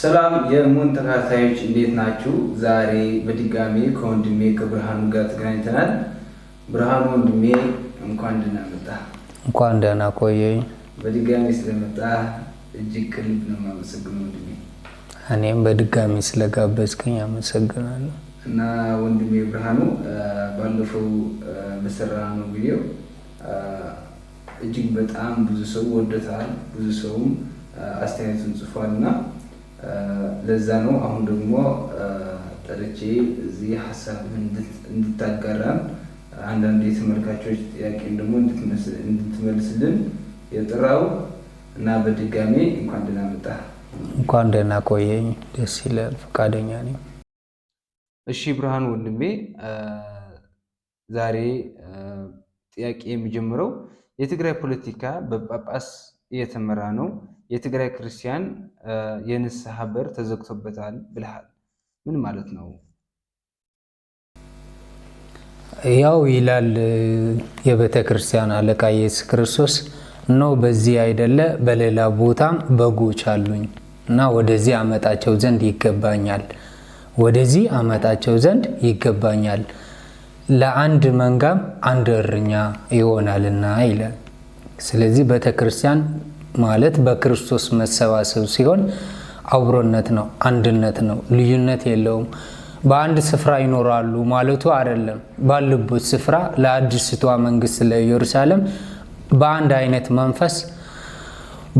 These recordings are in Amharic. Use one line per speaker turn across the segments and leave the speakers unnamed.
ሰላም የሙን ተከታታዮች እንዴት ናችሁ? ዛሬ በድጋሚ ከወንድሜ ከብርሃኑ ጋር ተገናኝተናል። ብርሃኑ ወንድሜ እንኳን ደህና መጣ።
እንኳን ደህና ቆየኝ።
በድጋሚ ስለመጣ እጅግ ከልብ ነው የማመሰግነው ወንድሜ።
እኔም በድጋሚ ስለጋበዝከኝ አመሰግናለሁ።
እና ወንድሜ ብርሃኑ ባለፈው በሰራነው ቪዲዮ እጅግ በጣም ብዙ ሰው ወደታል፣ ብዙ ሰውም አስተያየቱን ጽፏል እና Eh, ለዛ ነው አሁን ደግሞ eh, ጠርቼ እዚህ ሀሳብ እንድታጋራን አንዳንድ የተመልካቾች ጥያቄም ደግሞ እንድትመልስልን የጥራው እና በድጋሜ እንኳን ደህና
እንኳን ደህና ቆየኝ። ደስ ይላል። ፈቃደኛ ነኝ።
እሺ ብርሃን ወንድሜ eh፣ ዛሬ ጥያቄ የሚጀምረው የትግራይ ፖለቲካ በጳጳስ እየተመራ ነው። የትግራይ ክርስቲያን የንስሐ በር ተዘግቶበታል ብልሃል ምን ማለት ነው?
ያው ይላል የቤተ ክርስቲያን አለቃ ኢየሱስ ክርስቶስ ኖ በዚህ አይደለ በሌላ ቦታም በጎች አሉኝ እና ወደዚህ አመጣቸው ዘንድ ይገባኛል፣ ወደዚህ አመጣቸው ዘንድ ይገባኛል። ለአንድ መንጋም አንድ እርኛ ይሆናልና ይላል። ስለዚህ ቤተ ክርስቲያን ማለት በክርስቶስ መሰባሰብ ሲሆን አብሮነት ነው፣ አንድነት ነው፣ ልዩነት የለውም። በአንድ ስፍራ ይኖራሉ ማለቱ አይደለም። ባሉበት ስፍራ ለአዲስቷ መንግስት ለኢየሩሳሌም በአንድ አይነት መንፈስ፣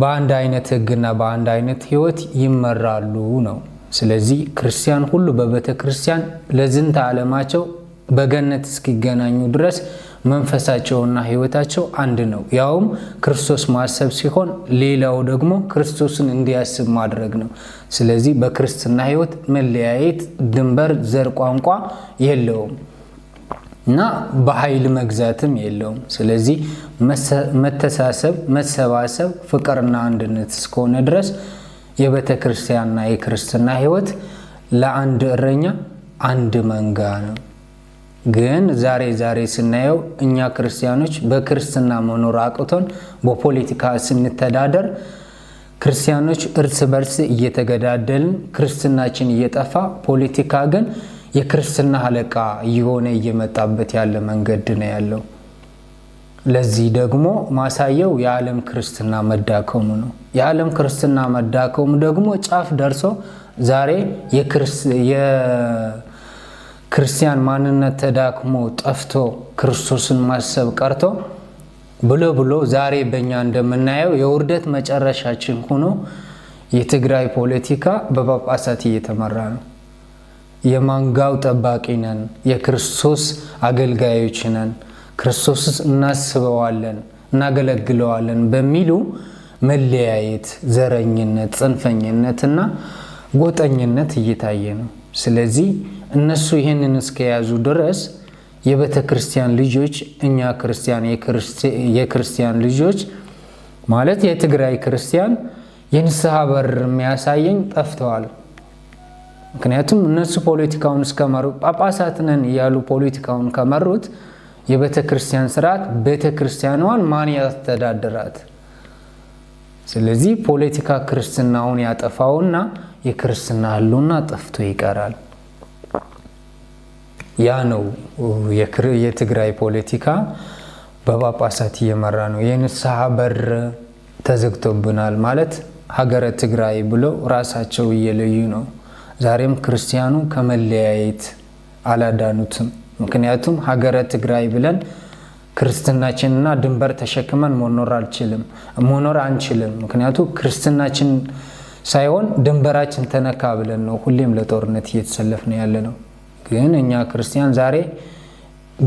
በአንድ አይነት ህግና በአንድ አይነት ህይወት ይመራሉ ነው። ስለዚህ ክርስቲያን ሁሉ በቤተ ክርስቲያን ለዝንተ ዓለማቸው በገነት እስኪገናኙ ድረስ መንፈሳቸውና ህይወታቸው አንድ ነው። ያውም ክርስቶስ ማሰብ ሲሆን ሌላው ደግሞ ክርስቶስን እንዲያስብ ማድረግ ነው። ስለዚህ በክርስትና ህይወት መለያየት፣ ድንበር፣ ዘር፣ ቋንቋ የለውም እና በኃይል መግዛትም የለውም። ስለዚህ መተሳሰብ፣ መሰባሰብ፣ ፍቅርና አንድነት እስከሆነ ድረስ የቤተ ክርስቲያንና የክርስትና ህይወት ለአንድ እረኛ አንድ መንጋ ነው። ግን ዛሬ ዛሬ ስናየው እኛ ክርስቲያኖች በክርስትና መኖር አቅቶን በፖለቲካ ስንተዳደር ክርስቲያኖች እርስ በርስ እየተገዳደልን ክርስትናችን እየጠፋ ፖለቲካ ግን የክርስትና አለቃ እየሆነ እየመጣበት ያለ መንገድ ነው ያለው። ለዚህ ደግሞ ማሳየው የዓለም ክርስትና መዳከሙ ነው። የዓለም ክርስትና መዳከሙ ደግሞ ጫፍ ደርሶ ዛሬ ክርስቲያን ማንነት ተዳክሞ ጠፍቶ ክርስቶስን ማሰብ ቀርቶ ብሎ ብሎ ዛሬ በእኛ እንደምናየው የውርደት መጨረሻችን ሆኖ የትግራይ ፖለቲካ በጳጳሳት እየተመራ ነው። የማንጋው ጠባቂ ነን፣ የክርስቶስ አገልጋዮች ነን፣ ክርስቶስስ እናስበዋለን፣ እናገለግለዋለን በሚሉ መለያየት፣ ዘረኝነት፣ እና ጎጠኝነት እየታየ ነው። ስለዚህ እነሱ ይህንን እስከያዙ ድረስ የቤተ ክርስቲያን ልጆች እኛ ክርስቲያን የክርስቲያን ልጆች ማለት የትግራይ ክርስቲያን የንስሐ በር የሚያሳየኝ ጠፍተዋል። ምክንያቱም እነሱ ፖለቲካውን እስከመሩ ጳጳሳት ነን እያሉ ፖለቲካውን ከመሩት የቤተ ክርስቲያን ስርዓት ቤተ ክርስቲያኗን ማን ያስተዳድራት? ስለዚህ ፖለቲካ ክርስትናውን ያጠፋውና የክርስትና ሕልውና ጠፍቶ ይቀራል። ያ ነው የትግራይ ፖለቲካ በጳጳሳት እየመራ ነው። የንስሐ በር ተዘግቶብናል ማለት ሀገረ ትግራይ ብለው ራሳቸው እየለዩ ነው። ዛሬም ክርስቲያኑ ከመለያየት አላዳኑትም። ምክንያቱም ሀገረ ትግራይ ብለን ክርስትናችንና ድንበር ተሸክመን መኖር አልችልም መኖር አንችልም። ምክንያቱ ክርስትናችን ሳይሆን ድንበራችን ተነካ ብለን ነው ሁሌም ለጦርነት ነው ያለ ነው። ግን እኛ ክርስቲያን ዛሬ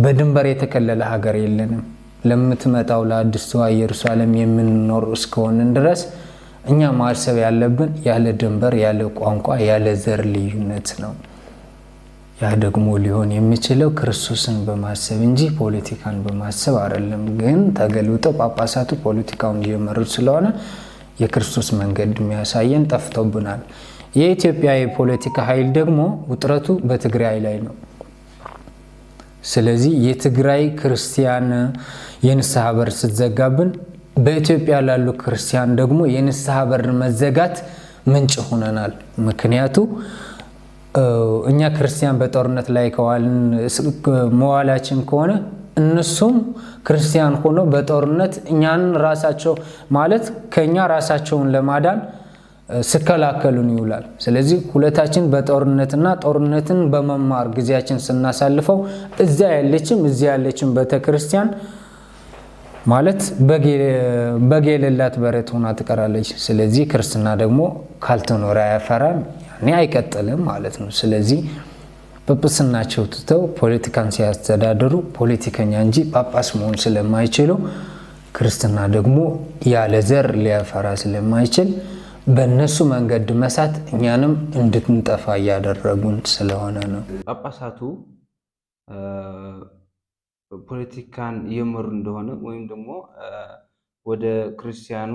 በድንበር የተከለለ ሀገር የለንም። ለምትመጣው ለአዲስቷ ኢየሩሳሌም የምንኖር እስከሆንን ድረስ እኛ ማሰብ ያለብን ያለ ድንበር፣ ያለ ቋንቋ፣ ያለ ዘር ልዩነት ነው። ያ ደግሞ ሊሆን የሚችለው ክርስቶስን በማሰብ እንጂ ፖለቲካን በማሰብ አይደለም። ግን ተገልብጠው ጳጳሳቱ ፖለቲካውን እየመሩት ስለሆነ የክርስቶስ መንገድ የሚያሳየን ጠፍቶብናል። የኢትዮጵያ የፖለቲካ ኃይል ደግሞ ውጥረቱ በትግራይ ላይ ነው። ስለዚህ የትግራይ ክርስቲያን የንስሐ በር ስትዘጋብን በኢትዮጵያ ላሉ ክርስቲያን ደግሞ የንስሐ በር መዘጋት ምንጭ ሆነናል። ምክንያቱ እኛ ክርስቲያን በጦርነት ላይ ከዋልን መዋላችን ከሆነ እነሱም ክርስቲያን ሆኖ በጦርነት እኛን ራሳቸው ማለት ከእኛ ራሳቸውን ለማዳን ስከላከሉን ይውላል። ስለዚህ ሁለታችን በጦርነትና ጦርነትን በመማር ጊዜያችን ስናሳልፈው እዚያ ያለችም እዚያ ያለችም ቤተክርስቲያን ማለት በጌለላት በረት ሆና ትቀራለች። ስለዚህ ክርስትና ደግሞ ካልተኖረ አያፈራም፣ ያኔ አይቀጥልም ማለት ነው። ስለዚህ ጵጵስናቸው ትተው ፖለቲካን ሲያስተዳድሩ ፖለቲከኛ እንጂ ጳጳስ መሆን ስለማይችሉ ክርስትና ደግሞ ያለ ዘር ሊያፈራ ስለማይችል በእነሱ መንገድ መሳት እኛንም እንድንጠፋ እያደረጉን ስለሆነ ነው።
ጳጳሳቱ ፖለቲካን እየመሩ እንደሆነ ወይም ደግሞ ወደ ክርስቲያኑ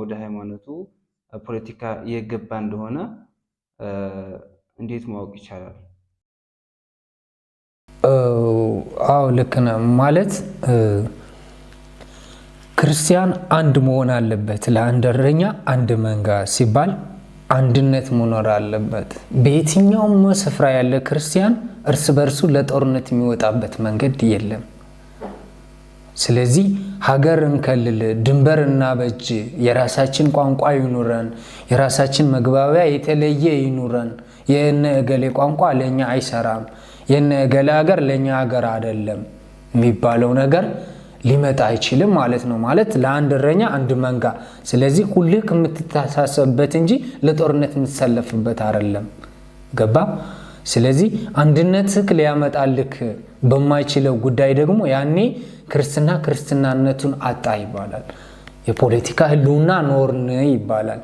ወደ ሃይማኖቱ ፖለቲካ እየገባ እንደሆነ እንዴት ማወቅ ይቻላል?
አዎ ልክ ነው ማለት ክርስቲያን አንድ መሆን አለበት። ለአንድ እረኛ አንድ መንጋ ሲባል አንድነት መኖር አለበት። በየትኛውም ስፍራ ያለ ክርስቲያን እርስ በርሱ ለጦርነት የሚወጣበት መንገድ የለም። ስለዚህ ሀገር እንከልል፣ ድንበር እናበጅ፣ የራሳችን ቋንቋ ይኑረን፣ የራሳችን መግባቢያ የተለየ ይኑረን። የእነ እገሌ ቋንቋ ለእኛ አይሰራም፣ የእነ እገሌ ሀገር ለእኛ ሀገር አይደለም የሚባለው ነገር ሊመጣ አይችልም ማለት ነው። ማለት ለአንድ እረኛ አንድ መንጋ። ስለዚህ ሁልህ የምትታሳሰብበት እንጂ ለጦርነት የምትሰለፍበት አይደለም። ገባ? ስለዚህ አንድነትህ ሊያመጣልክ በማይችለው ጉዳይ ደግሞ ያኔ ክርስትና ክርስትናነቱን አጣ ይባላል። የፖለቲካ ህልውና ኖርን ይባላል።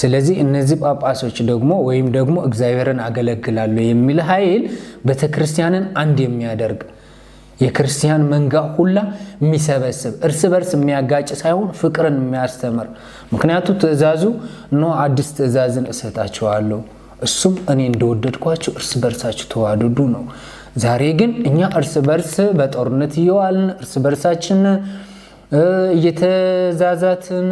ስለዚህ እነዚህ ጳጳሶች ደግሞ ወይም ደግሞ እግዚአብሔርን አገለግላሉ የሚል ኃይል ቤተክርስቲያንን አንድ የሚያደርግ የክርስቲያን መንጋ ሁላ የሚሰበስብ እርስ በርስ የሚያጋጭ ሳይሆን ፍቅርን የሚያስተምር ምክንያቱ ትእዛዙ ኖ አዲስ ትእዛዝን እሰጣቸዋለሁ እሱም እኔ እንደወደድኳቸው እርስ በርሳችሁ ተዋድዱ ነው። ዛሬ ግን እኛ እርስ በርስ በጦርነት እየዋልን እርስ በርሳችን እየተዛዛትን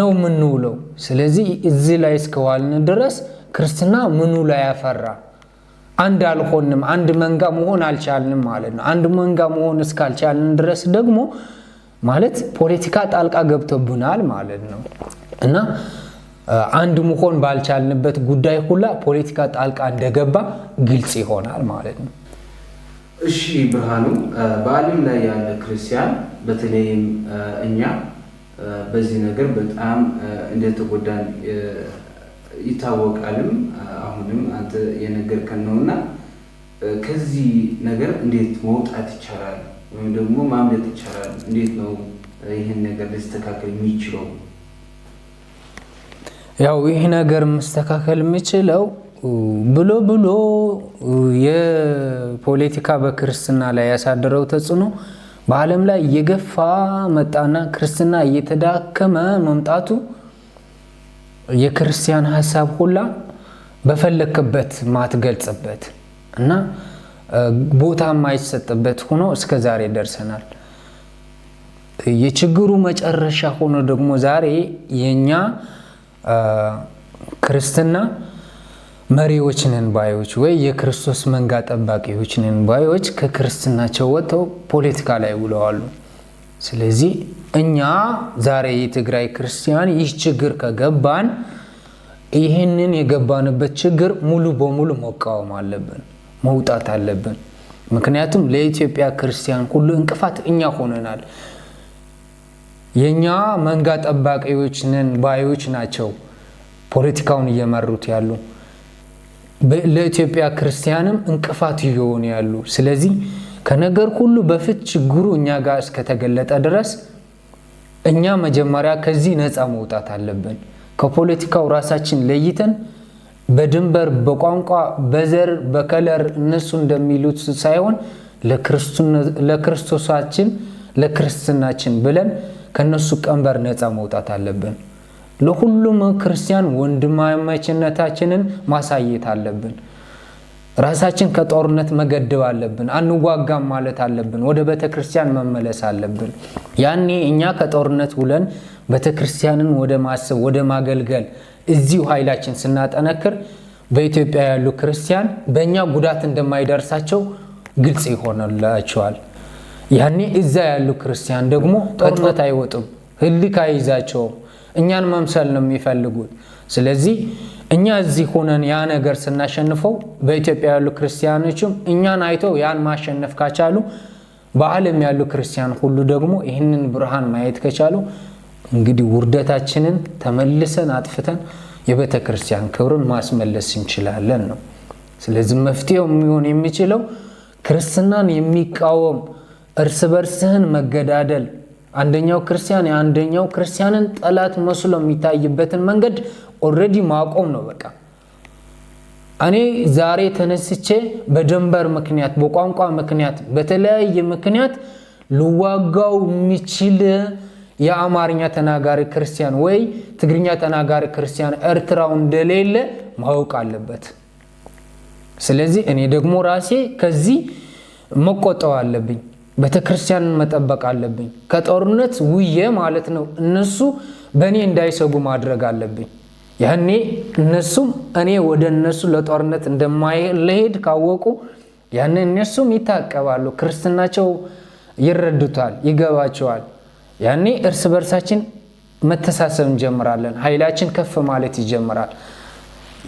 ነው የምንውለው። ስለዚህ እዚህ ላይ እስከዋልን ድረስ ክርስትና ምኑ ላይ ያፈራ አንድ አልሆንም፣ አንድ መንጋ መሆን አልቻልንም ማለት ነው። አንድ መንጋ መሆን እስካልቻልን ድረስ ደግሞ ማለት ፖለቲካ ጣልቃ ገብቶብናል ማለት ነው እና አንድ መሆን ባልቻልንበት ጉዳይ ሁላ ፖለቲካ ጣልቃ እንደገባ ግልጽ ይሆናል ማለት ነው።
እሺ ብርሃኑ፣ በዓለም ላይ ያለ ክርስቲያን በተለይም እኛ በዚህ ነገር በጣም እንደተጎዳን ይታወቃልም። አሁንም አንተ የነገርከን ነው እና ከዚህ ነገር እንዴት መውጣት ይቻላል? ወይም ደግሞ ማምለጥ ይቻላል? እንዴት ነው ይህን ነገር ሊስተካከል የሚችለው?
ያው ይህ ነገር መስተካከል የሚችለው ብሎ ብሎ የፖለቲካ በክርስትና ላይ ያሳደረው ተጽዕኖ በዓለም ላይ እየገፋ መጣና ክርስትና እየተዳከመ መምጣቱ የክርስቲያን ሀሳብ ሁላ በፈለክበት ማትገልጽበት እና ቦታ የማይሰጥበት ሆኖ እስከ ዛሬ ደርሰናል። የችግሩ መጨረሻ ሆኖ ደግሞ ዛሬ የእኛ ክርስትና መሪዎች ነን ባዮች ወይ የክርስቶስ መንጋ ጠባቂዎች ነን ባዮች ከክርስትናቸው ወጥተው ፖለቲካ ላይ ውለዋሉ። ስለዚህ እኛ ዛሬ የትግራይ ክርስቲያን ይህ ችግር ከገባን ይህንን የገባንበት ችግር ሙሉ በሙሉ መቃወም አለብን፣ መውጣት አለብን። ምክንያቱም ለኢትዮጵያ ክርስቲያን ሁሉ እንቅፋት እኛ ሆነናል። የእኛ መንጋ ጠባቂዎች ነን ባዮች ናቸው ፖለቲካውን እየመሩት ያሉ ለኢትዮጵያ ክርስቲያንም እንቅፋት እየሆኑ ያሉ ስለዚህ ከነገር ሁሉ በፊት ችግሩ እኛ ጋር እስከተገለጠ ድረስ እኛ መጀመሪያ ከዚህ ነፃ መውጣት አለብን። ከፖለቲካው ራሳችን ለይተን በድንበር፣ በቋንቋ፣ በዘር፣ በከለር እነሱ እንደሚሉት ሳይሆን ለክርስቶሳችን ለክርስትናችን ብለን ከነሱ ቀንበር ነፃ መውጣት አለብን። ለሁሉም ክርስቲያን ወንድማማችነታችንን ማሳየት አለብን። ራሳችን ከጦርነት መገደብ አለብን። አንዋጋም ማለት አለብን። ወደ ቤተክርስቲያን መመለስ አለብን። ያኔ እኛ ከጦርነት ውለን ቤተክርስቲያንን ወደ ማሰብ ወደ ማገልገል እዚሁ ኃይላችን ስናጠነክር በኢትዮጵያ ያሉ ክርስቲያን በእኛ ጉዳት እንደማይደርሳቸው ግልጽ ይሆንላቸዋል። ያኔ እዛ ያሉ ክርስቲያን ደግሞ ጦርነት አይወጡም፣ ህልክ አይይዛቸውም። እኛን መምሰል ነው የሚፈልጉት። ስለዚህ እኛ እዚህ ሆነን ያ ነገር ስናሸንፈው በኢትዮጵያ ያሉ ክርስቲያኖችም እኛን አይተው ያን ማሸነፍ ካቻሉ በዓለም ያሉ ክርስቲያን ሁሉ ደግሞ ይህንን ብርሃን ማየት ከቻሉ እንግዲህ ውርደታችንን ተመልሰን አጥፍተን የቤተ ክርስቲያን ክብርን ማስመለስ እንችላለን ነው። ስለዚህ መፍትሄው የሚሆን የሚችለው ክርስትናን የሚቃወም እርስ በርስህን መገዳደል አንደኛው ክርስቲያን የአንደኛው ክርስቲያንን ጠላት መስሎ የሚታይበትን መንገድ ኦረዲ ማቆም ነው። በቃ እኔ ዛሬ ተነስቼ በደንበር ምክንያት፣ በቋንቋ ምክንያት፣ በተለያየ ምክንያት ልዋጋው የሚችል የአማርኛ ተናጋሪ ክርስቲያን ወይ ትግርኛ ተናጋሪ ክርስቲያን ኤርትራው እንደሌለ ማወቅ አለበት። ስለዚህ እኔ ደግሞ ራሴ ከዚህ መቆጠው አለብኝ። ቤተክርስቲያንን መጠበቅ አለብኝ። ከጦርነት ውዬ ማለት ነው። እነሱ በእኔ እንዳይሰጉ ማድረግ አለብኝ። ያኔ እነሱም እኔ ወደ እነሱ ለጦርነት እንደማይለሄድ ካወቁ ያኔ እነሱም ይታቀባሉ። ክርስትናቸው ይረዱታል፣ ይገባቸዋል። ያኔ እርስ በርሳችን መተሳሰብ እንጀምራለን። ኃይላችን ከፍ ማለት ይጀምራል።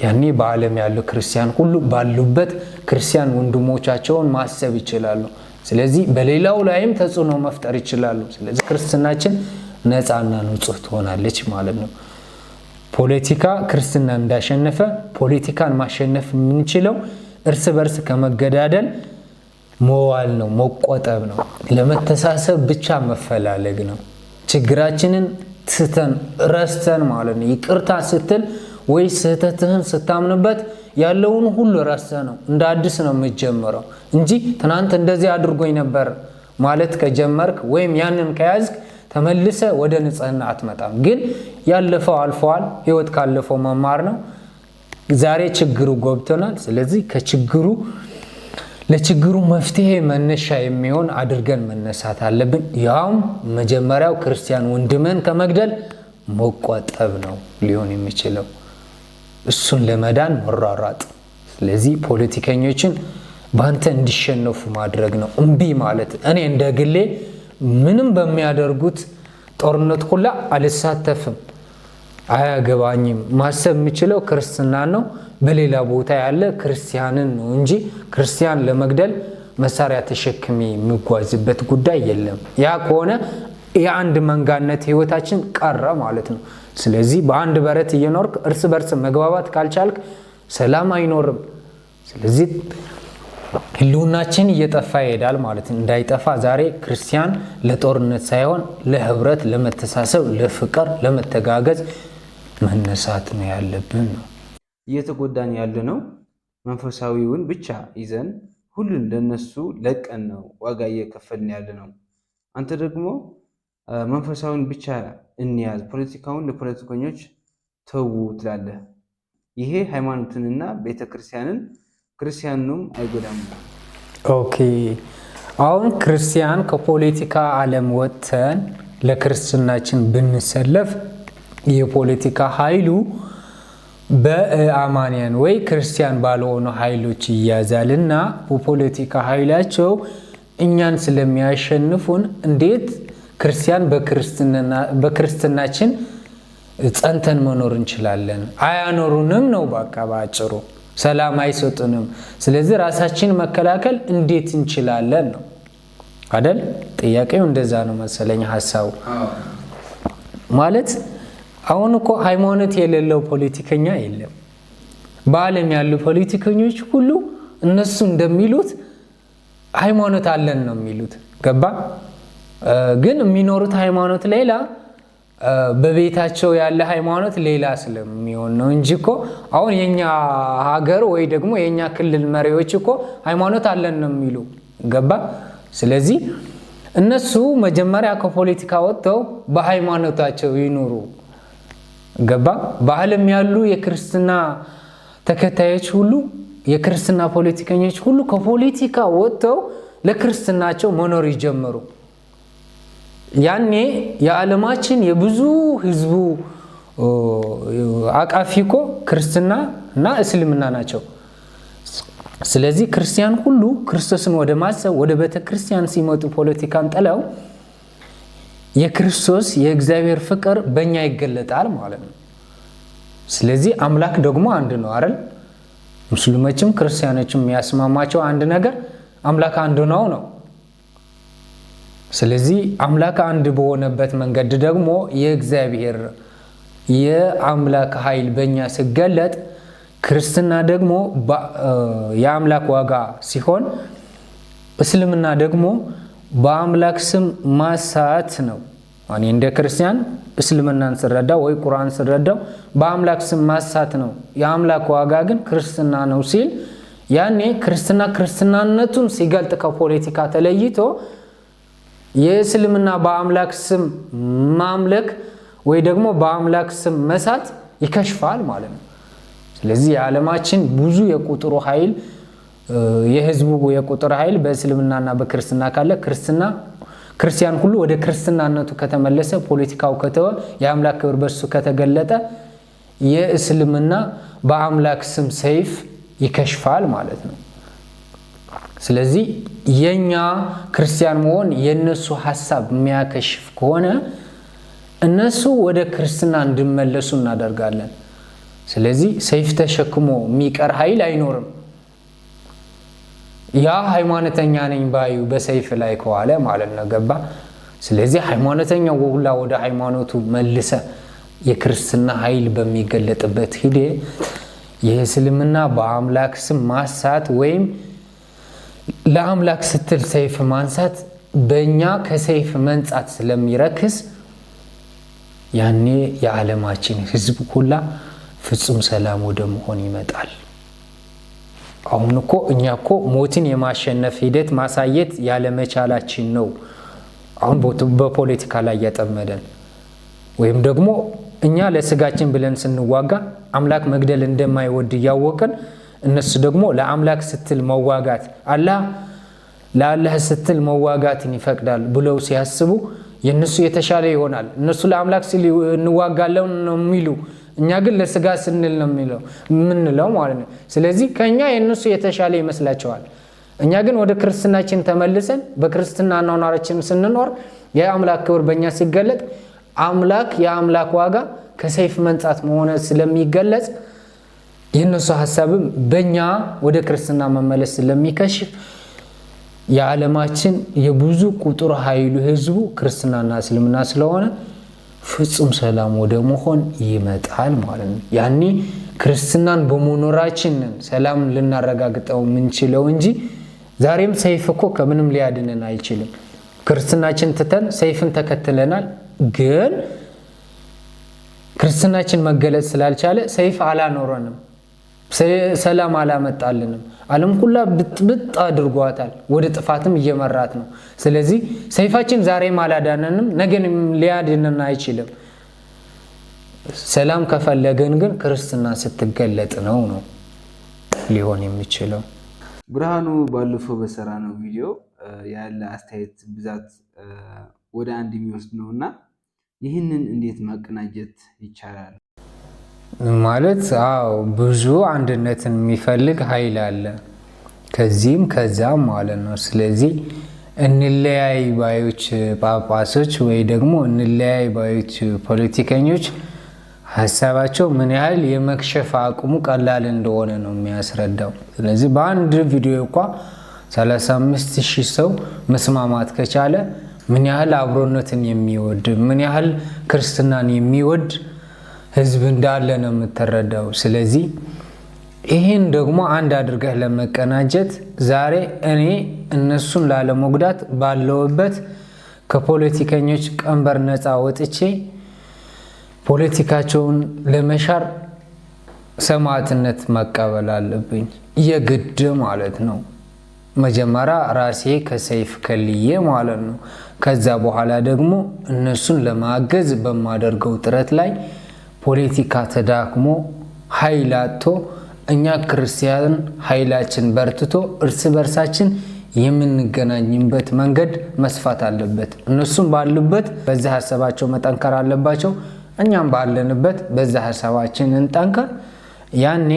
ያኔ በዓለም ያሉ ክርስቲያን ሁሉ ባሉበት ክርስቲያን ወንድሞቻቸውን ማሰብ ይችላሉ። ስለዚህ በሌላው ላይም ተጽዕኖ መፍጠር ይችላሉ። ስለዚህ ክርስትናችን ነፃና ንጹህ ትሆናለች ማለት ነው። ፖለቲካ ክርስትና እንዳሸነፈ ፖለቲካን ማሸነፍ የምንችለው እርስ በርስ ከመገዳደል መዋል ነው፣ መቆጠብ ነው፣ ለመተሳሰብ ብቻ መፈላለግ ነው። ችግራችንን ትተን ረስተን ማለት ነው። ይቅርታ ስትል ወይስ ስህተትህን ስታምንበት ያለውን ሁሉ ረሰ ነው እንደ አዲስ ነው የምትጀምረው እንጂ ትናንት እንደዚህ አድርጎኝ ነበር ማለት ከጀመርክ ወይም ያንን ከያዝክ ተመልሰ ወደ ንጽህና አትመጣም። ግን ያለፈው አልፈዋል። ህይወት ካለፈው መማር ነው። ዛሬ ችግሩ ጎብቶናል። ስለዚህ ከችግሩ ለችግሩ መፍትሄ መነሻ የሚሆን አድርገን መነሳት አለብን። ያውም መጀመሪያው ክርስቲያን ወንድምን ከመግደል መቆጠብ ነው ሊሆን የሚችለው። እሱን ለመዳን መራራጥ። ስለዚህ ፖለቲከኞችን በአንተ እንዲሸነፉ ማድረግ ነው። እምቢ ማለት እኔ እንደ ግሌ ምንም በሚያደርጉት ጦርነት ሁላ አልሳተፍም፣ አያገባኝም። ማሰብ የምችለው ክርስትናን ነው። በሌላ ቦታ ያለ ክርስቲያንን ነው እንጂ ክርስቲያን ለመግደል መሳሪያ ተሸክሜ የሚጓዝበት ጉዳይ የለም። ያ ከሆነ የአንድ መንጋነት ህይወታችን ቀረ ማለት ነው። ስለዚህ በአንድ በረት እየኖርክ እርስ በርስ መግባባት ካልቻልክ ሰላም አይኖርም። ስለዚህ ህልውናችን እየጠፋ ይሄዳል ማለት ነው። እንዳይጠፋ ዛሬ ክርስቲያን ለጦርነት ሳይሆን ለህብረት፣ ለመተሳሰብ፣ ለፍቅር፣ ለመተጋገዝ መነሳት ነው ያለብን። ነው
እየተጎዳን ያለ ነው። መንፈሳዊውን ብቻ ይዘን ሁሉን ለነሱ ለቀን ነው ዋጋ እየከፈልን ያለ ነው። አንተ ደግሞ መንፈሳዊን ብቻ እንያዝ፣ ፖለቲካውን ለፖለቲከኞች ተዉ ትላለህ። ይሄ ሃይማኖትንና ቤተክርስቲያንን ክርስቲያኑም አይጎዳም።
ኦኬ አሁን ክርስቲያን ከፖለቲካ ዓለም ወጥተን ለክርስትናችን ብንሰለፍ የፖለቲካ ኃይሉ በአማንያን ወይ ክርስቲያን ባልሆኑ ኃይሎች ይያዛል እና በፖለቲካ ኃይላቸው እኛን ስለሚያሸንፉን እንዴት ክርስቲያን በክርስትናችን ጸንተን መኖር እንችላለን። አያኖሩንም ነው በቃ በአጭሩ፣ ሰላም አይሰጡንም። ስለዚህ ራሳችን መከላከል እንዴት እንችላለን ነው አደል? ጥያቄው እንደዛ ነው መሰለኝ ሀሳቡ ማለት አሁን እኮ ሃይማኖት የሌለው ፖለቲከኛ የለም። በአለም ያሉ ፖለቲከኞች ሁሉ እነሱ እንደሚሉት ሃይማኖት አለን ነው የሚሉት። ገባ ግን የሚኖሩት ሃይማኖት ሌላ፣ በቤታቸው ያለ ሃይማኖት ሌላ ስለሚሆን ነው እንጂ እኮ አሁን የእኛ ሀገር ወይ ደግሞ የእኛ ክልል መሪዎች እኮ ሃይማኖት አለን ነው የሚሉ ገባ። ስለዚህ እነሱ መጀመሪያ ከፖለቲካ ወጥተው በሃይማኖታቸው ይኑሩ። ገባ። በዓለም ያሉ የክርስትና ተከታዮች ሁሉ የክርስትና ፖለቲከኞች ሁሉ ከፖለቲካ ወጥተው ለክርስትናቸው መኖር ይጀምሩ። ያኔ የዓለማችን የብዙ ህዝቡ አቃፊ እኮ ክርስትና እና እስልምና ናቸው። ስለዚህ ክርስቲያን ሁሉ ክርስቶስን ወደ ማሰብ ወደ ቤተ ክርስቲያን ሲመጡ ፖለቲካን ጥለው የክርስቶስ የእግዚአብሔር ፍቅር በእኛ ይገለጣል ማለት ነው። ስለዚህ አምላክ ደግሞ አንድ ነው አይደል? ሙስሊሞችም ክርስቲያኖችም የሚያስማማቸው አንድ ነገር አምላክ አንድ ነው ነው ስለዚህ አምላክ አንድ በሆነበት መንገድ ደግሞ የእግዚአብሔር የአምላክ ኃይል በእኛ ሲገለጥ ክርስትና ደግሞ የአምላክ ዋጋ ሲሆን እስልምና ደግሞ በአምላክ ስም ማሳት ነው። እኔ እንደ ክርስቲያን እስልምናን ስረዳ ወይ ቁርአን ስረዳው በአምላክ ስም ማሳት ነው፣ የአምላክ ዋጋ ግን ክርስትና ነው ሲል ያኔ ክርስትና ክርስትናነቱን ሲገልጥ ከፖለቲካ ተለይቶ የእስልምና በአምላክ ስም ማምለክ ወይ ደግሞ በአምላክ ስም መሳት ይከሽፋል ማለት ነው። ስለዚህ የዓለማችን ብዙ የቁጥሩ ኃይል የህዝቡ የቁጥር ኃይል በእስልምናና በክርስትና ካለ ክርስትና ክርስቲያን ሁሉ ወደ ክርስትናነቱ ከተመለሰ ፖለቲካው ከተወ የአምላክ ክብር በሱ ከተገለጠ የእስልምና በአምላክ ስም ሰይፍ ይከሽፋል ማለት ነው። ስለዚህ የኛ ክርስቲያን መሆን የእነሱ ሀሳብ የሚያከሽፍ ከሆነ እነሱ ወደ ክርስትና እንድመለሱ እናደርጋለን። ስለዚህ ሰይፍ ተሸክሞ የሚቀር ኃይል አይኖርም። ያ ሃይማኖተኛ ነኝ ባዩ በሰይፍ ላይ ከዋለ ማለት ነው። ገባ? ስለዚህ ሃይማኖተኛ ወላ ወደ ሃይማኖቱ መልሰ የክርስትና ኃይል በሚገለጥበት ሂደ የእስልምና በአምላክ ስም ማሳት ወይም ለአምላክ ስትል ሰይፍ ማንሳት በእኛ ከሰይፍ መንጻት ስለሚረክስ ያኔ የዓለማችን ህዝብ ሁላ ፍጹም ሰላም ወደ መሆን ይመጣል። አሁን እኮ እኛ እኮ ሞትን የማሸነፍ ሂደት ማሳየት ያለመቻላችን ነው። አሁን በፖለቲካ ላይ እያጠመደን ወይም ደግሞ እኛ ለስጋችን ብለን ስንዋጋ አምላክ መግደል እንደማይወድ እያወቅን እነሱ ደግሞ ለአምላክ ስትል መዋጋት አላ ለአላህ ስትል መዋጋትን ይፈቅዳል ብለው ሲያስቡ የእነሱ የተሻለ ይሆናል። እነሱ ለአምላክ ሲል እንዋጋለን ነው የሚሉ፣ እኛ ግን ለስጋ ስንል ነው የሚለው የምንለው ማለት ነው። ስለዚህ ከእኛ የእነሱ የተሻለ ይመስላቸዋል። እኛ ግን ወደ ክርስትናችን ተመልሰን በክርስትና አኗኗራችን ስንኖር የአምላክ ክብር በእኛ ሲገለጥ አምላክ የአምላክ ዋጋ ከሰይፍ መንጻት መሆነ ስለሚገለጽ የእነሱ ሀሳብም በእኛ ወደ ክርስትና መመለስ ስለሚከሽፍ የዓለማችን የብዙ ቁጥር ኃይሉ ህዝቡ ክርስትናና እስልምና ስለሆነ ፍጹም ሰላም ወደ መሆን ይመጣል ማለት ነው። ያኔ ክርስትናን በመኖራችንን ሰላም ልናረጋግጠው የምንችለው እንጂ ዛሬም ሰይፍ እኮ ከምንም ሊያድንን አይችልም። ክርስትናችን ትተን ሰይፍን ተከትለናል። ግን ክርስትናችን መገለጽ ስላልቻለ ሰይፍ አላኖረንም። ሰላም አላመጣልንም። አለም ኩላ ብጥብጥ አድርጓታል። ወደ ጥፋትም እየመራት ነው። ስለዚህ ሰይፋችን ዛሬም አላዳነንም፣ ነገን ሊያድንን አይችልም። ሰላም ከፈለገን ግን ክርስትና ስትገለጥ ነው ነው ሊሆን የሚችለው።
ብርሃኑ ባለፈው በሰራ ነው ቪዲዮ ያለ አስተያየት ብዛት ወደ አንድ የሚወስድ ነው እና ይህንን እንዴት ማቀናጀት ይቻላል?
ማለት አዎ ብዙ አንድነትን የሚፈልግ ኃይል አለ ከዚህም ከዛም ማለት ነው። ስለዚህ እንለያይ ባዮች ጳጳሶች ወይ ደግሞ እንለያይ ባዮች ፖለቲከኞች ሀሳባቸው ምን ያህል የመክሸፍ አቅሙ ቀላል እንደሆነ ነው የሚያስረዳው። ስለዚህ በአንድ ቪዲዮ እንኳ 35 ሺህ ሰው መስማማት ከቻለ ምን ያህል አብሮነትን የሚወድ ምን ያህል ክርስትናን የሚወድ ህዝብ እንዳለ ነው የምትረዳው። ስለዚህ ይህን ደግሞ አንድ አድርገህ ለመቀናጀት ዛሬ እኔ እነሱን ላለመጉዳት ባለውበት ከፖለቲከኞች ቀንበር ነፃ ወጥቼ ፖለቲካቸውን ለመሻር ሰማዕትነት መቀበል አለብኝ፣ የግድ ማለት ነው። መጀመሪያ ራሴ ከሰይፍ ከልዬ ማለት ነው። ከዛ በኋላ ደግሞ እነሱን ለማገዝ በማደርገው ጥረት ላይ ፖለቲካ ተዳክሞ ኃይል አጥቶ እኛ ክርስቲያን ኃይላችን በርትቶ እርስ በርሳችን የምንገናኝበት መንገድ መስፋት አለበት። እነሱም ባሉበት በዛ ሀሳባቸው መጠንከር አለባቸው። እኛም ባለንበት በዛ ሀሳባችን እንጠንከር። ያኔ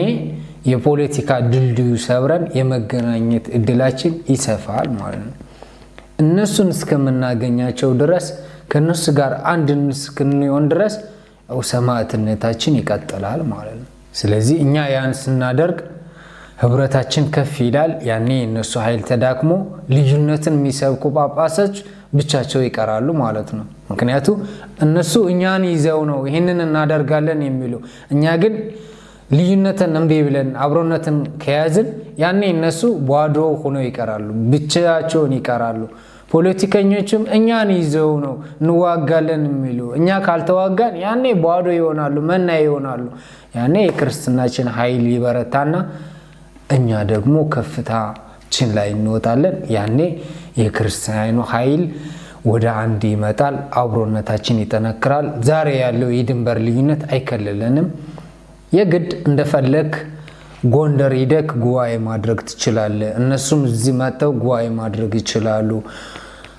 የፖለቲካ ድልድዩ ሰብረን የመገናኘት እድላችን ይሰፋል ማለት ነው። እነሱን እስከምናገኛቸው ድረስ ከእነሱ ጋር አንድ እስክንሆን ድረስ ሰማዕትነታችን ይቀጥላል ማለት ነው። ስለዚህ እኛ ያን ስናደርግ ህብረታችን ከፍ ይላል። ያኔ እነሱ ኃይል ተዳክሞ ልዩነትን የሚሰብኩ ጳጳሶች ብቻቸው ይቀራሉ ማለት ነው። ምክንያቱ እነሱ እኛን ይዘው ነው ይህንን እናደርጋለን የሚሉ እኛ ግን ልዩነትን እምቢ ብለን አብሮነትን ከያዝን ያኔ እነሱ ቧዶ ሆኖ ይቀራሉ፣ ብቻቸውን ይቀራሉ። ፖለቲከኞችም እኛን ይዘው ነው እንዋጋለን የሚሉ እኛ ካልተዋጋን ያኔ ባዶ ይሆናሉ፣ መና ይሆናሉ። ያኔ የክርስትናችን ኃይል ይበረታና እኛ ደግሞ ከፍታችን ላይ እንወጣለን። ያኔ የክርስቲያኑ ኃይል ወደ አንድ ይመጣል፣ አብሮነታችን ይጠነክራል። ዛሬ ያለው የድንበር ልዩነት አይከልለንም። የግድ እንደፈለግ ጎንደር ሂደክ ጉባኤ ማድረግ ትችላለህ። እነሱም እዚህ መጥተው ጉባኤ ማድረግ ይችላሉ።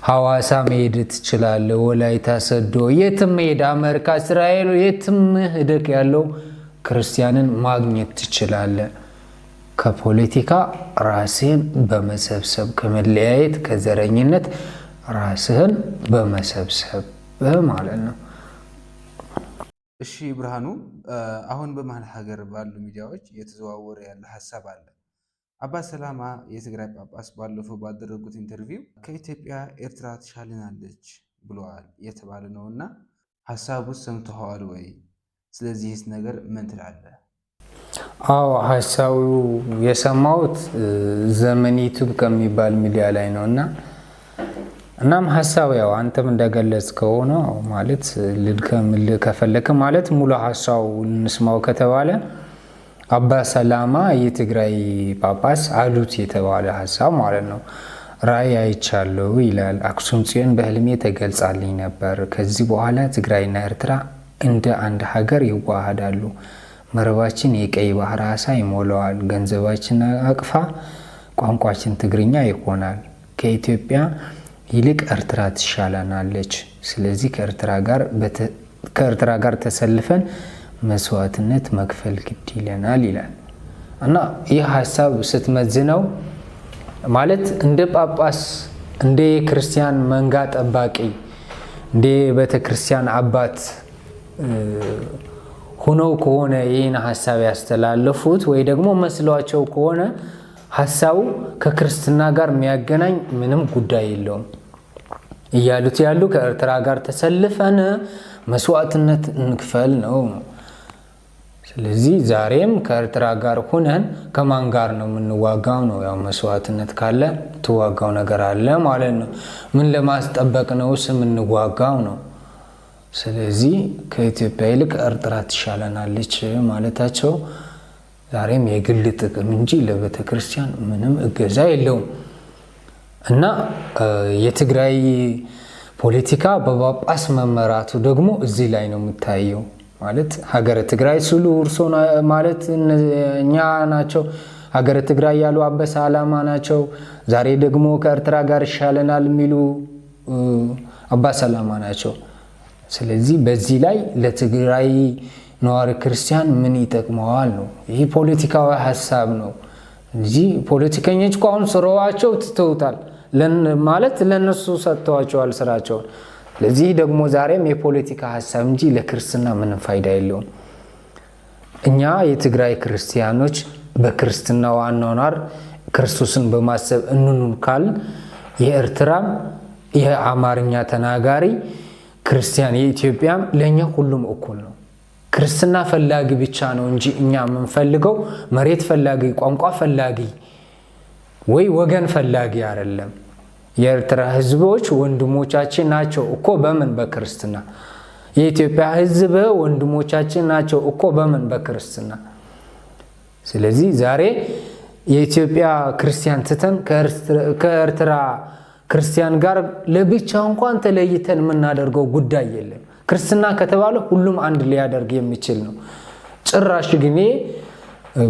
ሐዋሳ መሄድ ትችላለህ። ወላይታ ሰዶ፣ የትም መሄድ አሜሪካ፣ እስራኤል፣ የትም ሂደክ ያለው ክርስቲያንን ማግኘት ትችላለህ። ከፖለቲካ ራስህን በመሰብሰብ ከመለያየት ከዘረኝነት ራስህን በመሰብሰብ ማለት ነው።
እሺ ብርሃኑ፣ አሁን በመሀል ሀገር ባሉ ሚዲያዎች እየተዘዋወረ ያለ ሀሳብ አለ። አባ ሰላማ የትግራይ ጳጳስ ባለፈው ባደረጉት ኢንተርቪው ከኢትዮጵያ ኤርትራ ትሻልናለች ብለዋል የተባለ ነው እና ሀሳቡ ሰምተኸዋል ወይ? ስለዚህስ ነገር ምን ትላለህ?
አዎ ሀሳቡ የሰማሁት ዘመን ዩቱብ ከሚባል ሚዲያ ላይ ነው እና እናም ሀሳብ ያው አንተም እንደገለጽ ከሆነ ማለት ልድከምልህ ከፈለክ ማለት ሙሉ ሀሳቡ እንስማው ከተባለ አባ ሰላማ የትግራይ ጳጳስ አሉት የተባለ ሀሳብ ማለት ነው። ራእይ አይቻለሁ ይላል። አክሱም ጽዮን በህልሜ ተገልጻልኝ ነበር። ከዚህ በኋላ ትግራይና ኤርትራ እንደ አንድ ሀገር ይዋሃዳሉ። መረባችን የቀይ ባህር አሳ ይሞላዋል። ገንዘባችን አቅፋ ቋንቋችን ትግርኛ ይሆናል። ከኢትዮጵያ ይልቅ ኤርትራ ትሻለናለች። ስለዚህ ከኤርትራ ጋር ተሰልፈን መስዋዕትነት መክፈል ግድ ይለናል ይላል እና ይህ ሀሳብ ስትመዝነው ማለት እንደ ጳጳስ፣ እንደ የክርስቲያን መንጋ ጠባቂ፣ እንደ ቤተ ክርስቲያን አባት ሁነው ከሆነ ይህን ሀሳብ ያስተላለፉት ወይ ደግሞ መስሏቸው ከሆነ ሀሳቡ ከክርስትና ጋር የሚያገናኝ ምንም ጉዳይ የለውም እያሉት ያሉ ከኤርትራ ጋር ተሰልፈን መስዋዕትነት እንክፈል ነው። ስለዚህ ዛሬም ከኤርትራ ጋር ሁነን ከማን ጋር ነው የምንዋጋው? ነው ያው መስዋዕትነት ካለ ትዋጋው ነገር አለ ማለት ነው። ምን ለማስጠበቅ ነውስ የምንዋጋው ነው። ስለዚህ ከኢትዮጵያ ይልቅ ኤርትራ ትሻለናለች ማለታቸው ዛሬም የግል ጥቅም እንጂ ለቤተ ክርስቲያን ምንም እገዛ የለውም እና የትግራይ ፖለቲካ በጳጳስ መመራቱ ደግሞ እዚህ ላይ ነው የሚታየው። ማለት ሀገረ ትግራይ ስሉ እርሶ ማለት እኛ ናቸው ሀገረ ትግራይ ያሉ አበሳ አላማ ናቸው። ዛሬ ደግሞ ከኤርትራ ጋር ይሻለናል የሚሉ አባስ አላማ ናቸው። ስለዚህ በዚህ ላይ ለትግራይ ነዋሪ ክርስቲያን ምን ይጠቅመዋል ነው። ይህ ፖለቲካዊ ሀሳብ ነው እንጂ ፖለቲከኞች እኮ አሁን ስራዋቸው ትተውታል ማለት ለነሱ ሰጥተዋቸዋል ስራቸውን። ለዚህ ደግሞ ዛሬም የፖለቲካ ሀሳብ እንጂ ለክርስትና ምንም ፋይዳ የለውም። እኛ የትግራይ ክርስቲያኖች በክርስትና አኗኗር ክርስቶስን በማሰብ እንኑን ካል የኤርትራም የአማርኛ ተናጋሪ ክርስቲያን የኢትዮጵያም ለእኛ ሁሉም እኩል ነው። ክርስትና ፈላጊ ብቻ ነው እንጂ እኛ የምንፈልገው መሬት ፈላጊ፣ ቋንቋ ፈላጊ ወይ ወገን ፈላጊ አይደለም። የኤርትራ ህዝቦች ወንድሞቻችን ናቸው እኮ በምን በክርስትና የኢትዮጵያ ህዝብ ወንድሞቻችን ናቸው እኮ በምን በክርስትና። ስለዚህ ዛሬ የኢትዮጵያ ክርስቲያን ትተን ከኤርትራ ክርስቲያን ጋር ለብቻ እንኳን ተለይተን የምናደርገው ጉዳይ የለም። ክርስትና ከተባለ ሁሉም አንድ ሊያደርግ የሚችል ነው። ጭራሽ ግን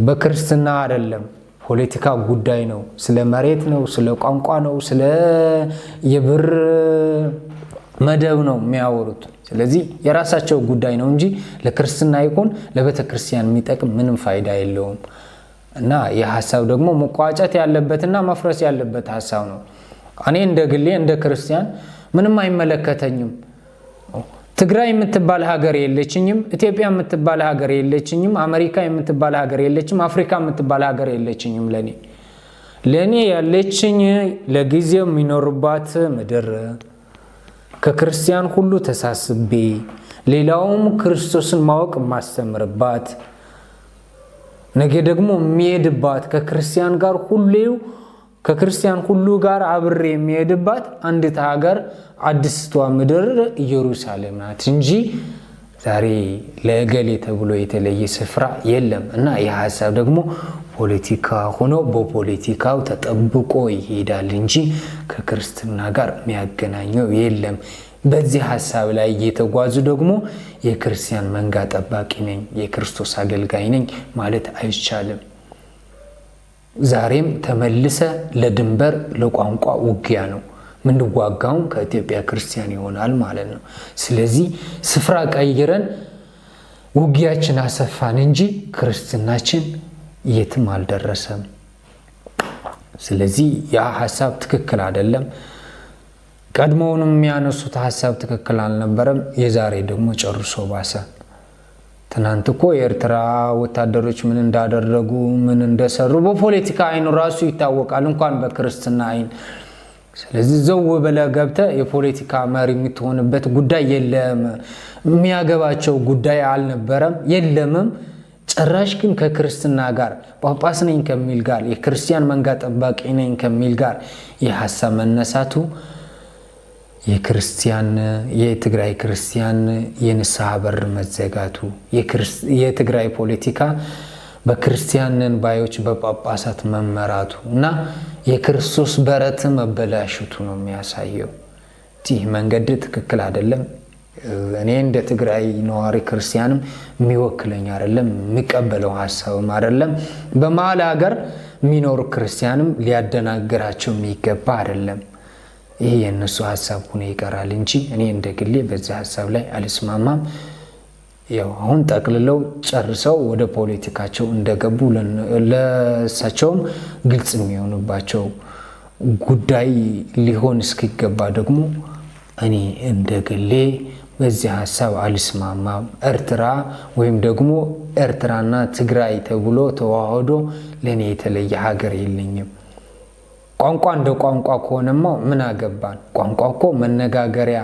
በክርስትና አይደለም፣ ፖለቲካ ጉዳይ ነው። ስለ መሬት ነው፣ ስለ ቋንቋ ነው፣ ስለ የብር መደብ ነው የሚያወሩት። ስለዚህ የራሳቸው ጉዳይ ነው እንጂ ለክርስትና ይሁን ለቤተ ክርስቲያን የሚጠቅም ምንም ፋይዳ የለውም። እና ይህ ሀሳብ ደግሞ መቋጨት ያለበትና መፍረስ ያለበት ሀሳብ ነው። እኔ እንደ ግሌ እንደ ክርስቲያን ምንም አይመለከተኝም ትግራይ የምትባል ሀገር የለችኝም፣ ኢትዮጵያ የምትባል ሀገር የለችኝም፣ አሜሪካ የምትባል ሀገር የለችም፣ አፍሪካ የምትባል ሀገር የለችኝም። ለእኔ ለእኔ ያለችኝ ለጊዜው የሚኖርባት ምድር ከክርስቲያን ሁሉ ተሳስቤ ሌላውም ክርስቶስን ማወቅ የማስተምርባት ነገ ደግሞ የሚሄድባት ከክርስቲያን ጋር ሁሌው ከክርስቲያን ሁሉ ጋር አብሬ የሚሄድባት አንዲት ሀገር አዲስቷ ምድር ኢየሩሳሌም ናት እንጂ ዛሬ ለእገሌ ተብሎ የተለየ ስፍራ የለም እና ይህ ሀሳብ ደግሞ ፖለቲካ ሆኖ በፖለቲካው ተጠብቆ ይሄዳል እንጂ ከክርስትና ጋር የሚያገናኘው የለም። በዚህ ሀሳብ ላይ እየተጓዙ ደግሞ የክርስቲያን መንጋ ጠባቂ ነኝ፣ የክርስቶስ አገልጋይ ነኝ ማለት አይቻልም። ዛሬም ተመልሰ ለድንበር ለቋንቋ ውጊያ ነው ምንዋጋውም ከኢትዮጵያ ክርስቲያን ይሆናል ማለት ነው። ስለዚህ ስፍራ ቀይረን ውጊያችን አሰፋን እንጂ ክርስትናችን የትም አልደረሰም። ስለዚህ ያ ሀሳብ ትክክል አይደለም። ቀድሞውንም የሚያነሱት ሀሳብ ትክክል አልነበረም። የዛሬ ደግሞ ጨርሶ ባሰ። ትናንት እኮ የኤርትራ ወታደሮች ምን እንዳደረጉ ምን እንደሰሩ በፖለቲካ አይን ራሱ ይታወቃል፣ እንኳን በክርስትና አይን። ስለዚህ ዘው ብለህ ገብተህ የፖለቲካ መሪ የምትሆንበት ጉዳይ የለም። የሚያገባቸው ጉዳይ አልነበረም የለምም። ጭራሽ ግን ከክርስትና ጋር ጳጳስ ነኝ ከሚል ጋር የክርስቲያን መንጋ ጠባቂ ነኝ ከሚል ጋር የሀሳብ መነሳቱ የክርስቲያን የትግራይ ክርስቲያን የንስሐ በር መዘጋቱ የትግራይ ፖለቲካ በክርስቲያንን ባዮች በጳጳሳት መመራቱ እና የክርስቶስ በረት መበላሸቱ ነው የሚያሳየው። ይህ መንገድ ትክክል አይደለም። እኔ እንደ ትግራይ ነዋሪ ክርስቲያንም የሚወክለኝ አይደለም፣ የሚቀበለው ሀሳብም አይደለም። በመሀል ሀገር የሚኖሩ ክርስቲያንም ሊያደናግራቸው የሚገባ አይደለም። ይሄ የእነሱ ሀሳብ ሆኖ ይቀራል እንጂ እኔ እንደ ግሌ በዚህ ሀሳብ ላይ አልስማማም። ያው አሁን ጠቅልለው ጨርሰው ወደ ፖለቲካቸው እንደገቡ ለእሳቸውም ግልጽ የሚሆንባቸው ጉዳይ ሊሆን እስኪገባ ደግሞ እኔ እንደ ግሌ በዚህ ሀሳብ አልስማማም። ኤርትራ ወይም ደግሞ ኤርትራና ትግራይ ተብሎ ተዋህዶ ለእኔ የተለየ ሀገር የለኝም። ቋንቋ እንደ ቋንቋ ከሆነማ ምን አገባን? ቋንቋ እኮ መነጋገሪያ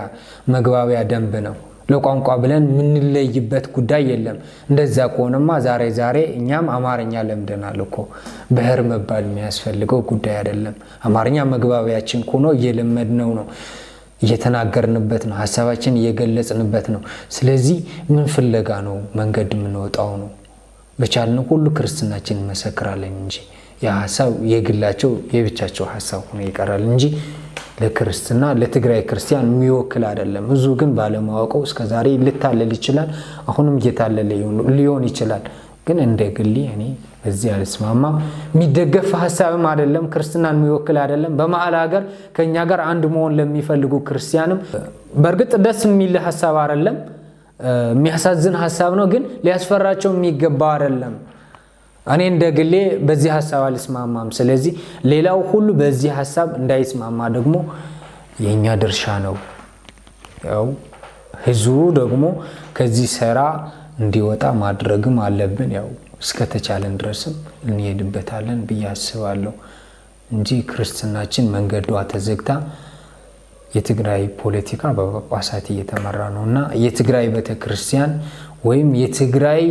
መግባቢያ ደንብ ነው። ለቋንቋ ብለን የምንለይበት ጉዳይ የለም። እንደዛ ከሆነማ ዛሬ ዛሬ እኛም አማርኛ ለምደናል እኮ። ብሔር መባል የሚያስፈልገው ጉዳይ አይደለም። አማርኛ መግባቢያችን ሆኖ እየለመድነው ነው፣ እየተናገርንበት ነው፣ ሀሳባችን እየገለጽንበት ነው። ስለዚህ ምን ፍለጋ ነው መንገድ የምንወጣው ነው? በቻልን ሁሉ ክርስትናችን እንመሰክራለን እንጂ የሀሳብ የግላቸው የብቻቸው ሀሳብ ሆኖ ይቀራል እንጂ ለክርስትና ለትግራይ ክርስቲያን የሚወክል አይደለም። ብዙ ግን ባለማወቀው እስከዛሬ ልታለል ይችላል። አሁንም እየታለለ ሊሆን ይችላል። ግን እንደ ግሌ እኔ በዚህ አልስማማ። የሚደገፍ ሀሳብም አይደለም። ክርስትናን የሚወክል አይደለም። በመሀል ሀገር ከእኛ ጋር አንድ መሆን ለሚፈልጉ ክርስቲያንም በእርግጥ ደስ የሚል ሀሳብ አይደለም። የሚያሳዝን ሀሳብ ነው። ግን ሊያስፈራቸው የሚገባ አይደለም። እኔ እንደ ግሌ በዚህ ሀሳብ አልስማማም። ስለዚህ ሌላው ሁሉ በዚህ ሀሳብ እንዳይስማማ ደግሞ የእኛ ድርሻ ነው። ያው ህዝቡ ደግሞ ከዚህ ስራ እንዲወጣ ማድረግም አለብን። ያው እስከተቻለን ድረስም እንሄድበታለን ብዬ አስባለሁ እንጂ ክርስትናችን መንገዷ ተዘግታ የትግራይ ፖለቲካ በጳጳሳት እየተመራ ነው እና የትግራይ ቤተክርስቲያን ወይም የትግራይ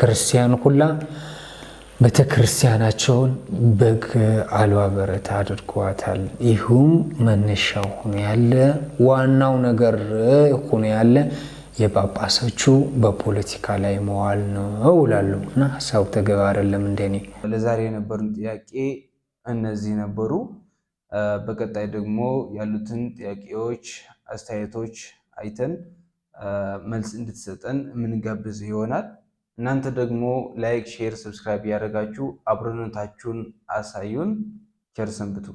ክርስቲያን ሁላ ቤተክርስቲያናቸውን በግ አልባ በረት አድርጓታል። ይሁም መነሻው ሆኖ ያለ ዋናው ነገር ሆኖ ያለ የጳጳሶቹ በፖለቲካ ላይ መዋል ነው እላለሁ እና ሀሳቡ ተገቢ አይደለም። እንደኔ
ለዛሬ የነበሩን ጥያቄ እነዚህ ነበሩ። በቀጣይ ደግሞ ያሉትን ጥያቄዎች፣ አስተያየቶች አይተን መልስ እንድትሰጠን የምንጋብዝ ይሆናል። እናንተ ደግሞ ላይክ፣ ሼር፣ ሰብስክራይብ ያደረጋችሁ አብሮነታችሁን አሳዩን። ቸር ሰንብቱ።